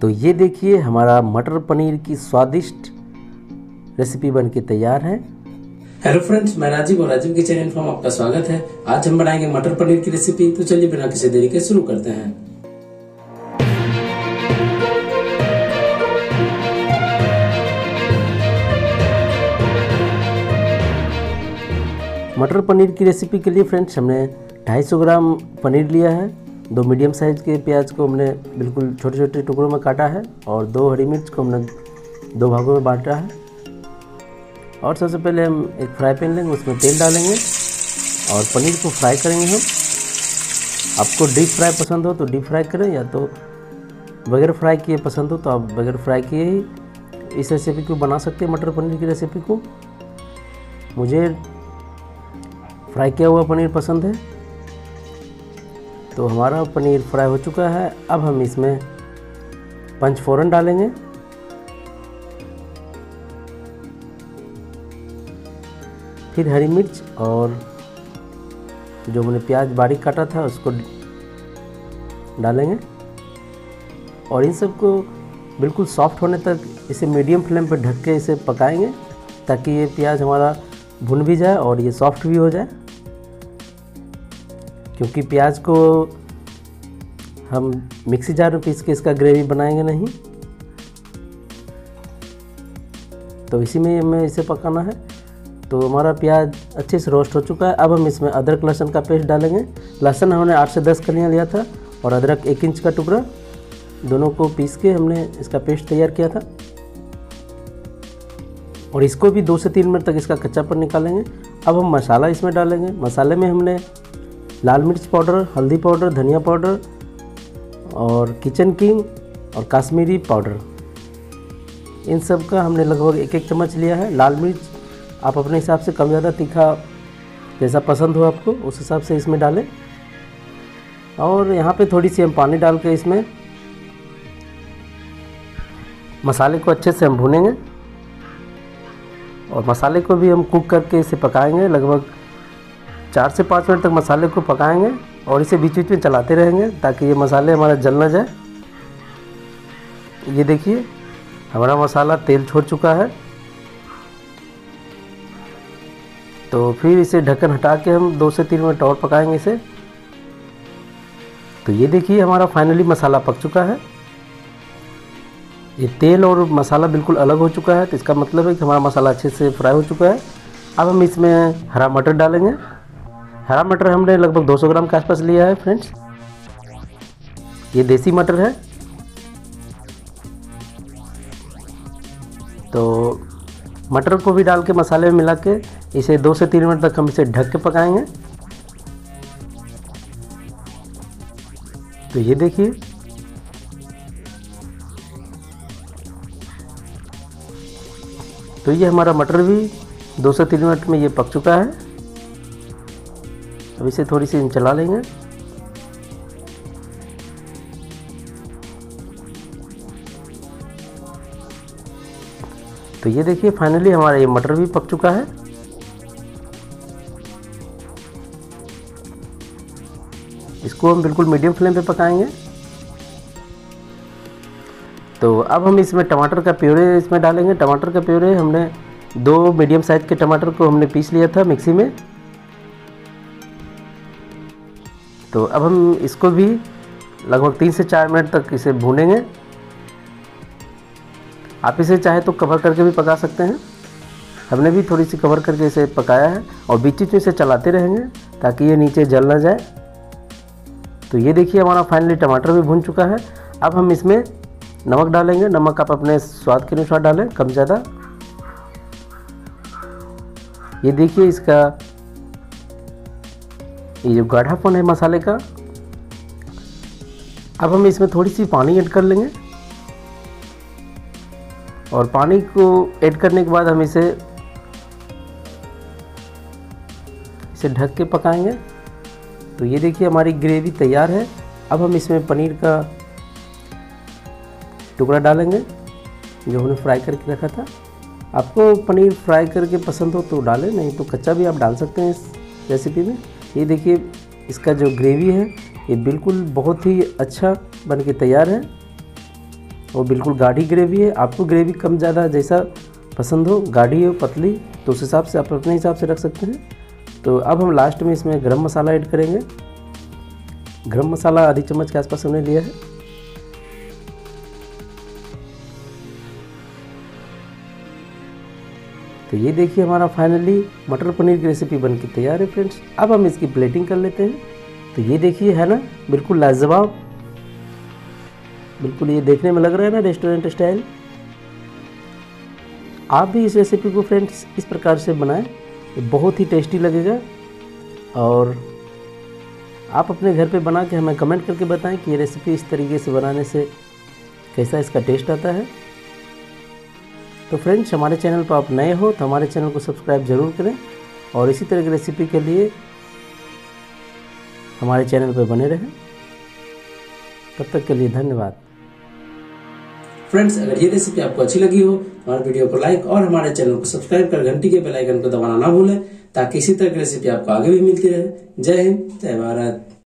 तो ये देखिए हमारा मटर पनीर की स्वादिष्ट रेसिपी बन के तैयार है हेलो फ्रेंड्स मैं राजीव और राजीव किचन एंड फॉर्म आपका स्वागत है आज हम बनाएंगे मटर पनीर की रेसिपी तो चलिए बिना किसी देरी के शुरू करते हैं मटर पनीर की रेसिपी के लिए फ्रेंड्स हमने 250 ग्राम पनीर लिया है दो मीडियम साइज़ के प्याज को हमने बिल्कुल छोटे छोटे टुकड़ों में काटा है और दो हरी मिर्च को हमने दो भागों में बांटा है और सबसे पहले हम एक फ्राई पैन लेंगे उसमें तेल डालेंगे और पनीर को फ्राई करेंगे हम आपको डीप फ्राई पसंद हो तो डीप फ्राई करें या तो बगैर फ्राई किए पसंद हो तो आप बगैर फ्राई किए ही इस रेसिपी को बना सकते हैं मटर पनीर की रेसिपी को मुझे फ्राई किया हुआ पनीर पसंद है तो हमारा पनीर फ्राई हो चुका है अब हम इसमें पंच फोरन डालेंगे फिर हरी मिर्च और जो मैंने प्याज बारीक काटा था उसको डालेंगे और इन सबको बिल्कुल सॉफ्ट होने तक इसे मीडियम फ्लेम पर ढक के इसे पकाएंगे ताकि ये प्याज हमारा भुन भी जाए और ये सॉफ्ट भी हो जाए क्योंकि प्याज को हम मिक्सी जार में पीस के इसका ग्रेवी बनाएंगे नहीं तो इसी में हमें इसे पकाना है तो हमारा प्याज अच्छे से रोस्ट हो चुका है अब हम इसमें अदरक लहसुन का पेस्ट डालेंगे लहसुन हमने आठ से दस कलियाँ लिया था और अदरक एक इंच का टुकड़ा दोनों को पीस के हमने इसका पेस्ट तैयार किया था और इसको भी दो से तीन मिनट तक इसका कच्चापन निकालेंगे अब हम मसाला इसमें डालेंगे मसाले में हमने लाल मिर्च पाउडर हल्दी पाउडर धनिया पाउडर और किचन किंग और काश्मीरी पाउडर इन सब का हमने लगभग एक एक चम्मच लिया है लाल मिर्च आप अपने हिसाब से कम ज़्यादा तीखा जैसा पसंद हो आपको उस हिसाब से इसमें डालें और यहाँ पे थोड़ी सी हम पानी डाल के इसमें मसाले को अच्छे से हम भूनेंगे और मसाले को भी हम कुक करके इसे पकाएंगे लगभग चार से पाँच मिनट तक मसाले को पकाएंगे और इसे बीच बीच में चलाते रहेंगे ताकि ये मसाले हमारा जल ना जाए ये देखिए हमारा मसाला तेल छोड़ चुका है तो फिर इसे ढक्कन हटा के हम दो से तीन मिनट और पकाएंगे इसे तो ये देखिए हमारा फाइनली मसाला पक चुका है ये तेल और मसाला बिल्कुल अलग हो चुका है तो इसका मतलब है कि हमारा मसाला अच्छे से फ्राई हो चुका है अब हम इसमें हरा मटर डालेंगे हरा मटर हमने लगभग 200 ग्राम के आसपास लिया है फ्रेंड्स ये देसी मटर है तो मटर को भी डाल के मसाले में मिला के इसे दो से तीन मिनट तक हम इसे ढक के पकाएंगे तो ये देखिए तो ये हमारा मटर भी दो से तीन मिनट में ये पक चुका है अब इसे थोड़ी सी चला लेंगे तो ये देखिए फाइनली हमारा ये मटर भी पक चुका है इसको हम बिल्कुल मीडियम फ्लेम पे पकाएंगे तो अब हम इसमें टमाटर का प्योरे इसमें डालेंगे टमाटर का प्योरे हमने दो मीडियम साइज़ के टमाटर को हमने पीस लिया था मिक्सी में तो अब हम इसको भी लगभग तीन से चार मिनट तक इसे भूनेंगे आप इसे चाहे तो कवर करके भी पका सकते हैं हमने भी थोड़ी सी कवर करके इसे पकाया है और बीच बीच में इसे चलाते रहेंगे ताकि ये नीचे जल ना जाए तो ये देखिए हमारा फाइनली टमाटर भी भून चुका है अब हम इसमें नमक डालेंगे नमक आप अपने स्वाद के अनुसार डालें कम ज़्यादा ये देखिए इसका ये जो गाढ़ापन है मसाले का अब हम इसमें थोड़ी सी पानी ऐड कर लेंगे और पानी को ऐड करने के बाद हम इसे इसे ढक के पकाएंगे तो ये देखिए हमारी ग्रेवी तैयार है अब हम इसमें पनीर का टुकड़ा डालेंगे जो हमने फ्राई करके रखा था आपको पनीर फ्राई करके पसंद हो तो डालें नहीं तो कच्चा भी आप डाल सकते हैं इस रेसिपी में ये देखिए इसका जो ग्रेवी है ये बिल्कुल बहुत ही अच्छा बन के तैयार है और बिल्कुल गाढ़ी ग्रेवी है आपको ग्रेवी कम ज़्यादा जैसा पसंद हो गाढ़ी हो पतली तो उस हिसाब से आप अपने हिसाब से रख सकते हैं तो अब हम लास्ट में इसमें गरम मसाला ऐड करेंगे गरम मसाला आधी चम्मच के आसपास हमने लिया है तो ये देखिए हमारा फाइनली मटर पनीर की रेसिपी बन के तैयार है फ्रेंड्स अब हम इसकी प्लेटिंग कर लेते हैं तो ये देखिए है ना बिल्कुल लाजवाब बिल्कुल ये देखने में लग रहा है ना रेस्टोरेंट स्टाइल आप भी इस रेसिपी को फ्रेंड्स इस प्रकार से बनाएं ये बहुत ही टेस्टी लगेगा और आप अपने घर पे बना के हमें कमेंट करके बताएं कि ये रेसिपी इस तरीके से बनाने से कैसा इसका टेस्ट आता है तो फ्रेंड्स हमारे चैनल पर आप नए हो तो हमारे चैनल को सब्सक्राइब ज़रूर करें और इसी तरह की रेसिपी के लिए हमारे चैनल पर बने रहें तब तक के लिए धन्यवाद फ्रेंड्स अगर ये रेसिपी आपको अच्छी लगी हो तो हमारे वीडियो को लाइक और हमारे चैनल को सब्सक्राइब कर घंटी के बेल आइकन को दबाना ना भूलें ताकि इसी तरह की रेसिपी आपको आगे भी मिलती रहे जय हिंद जय भारत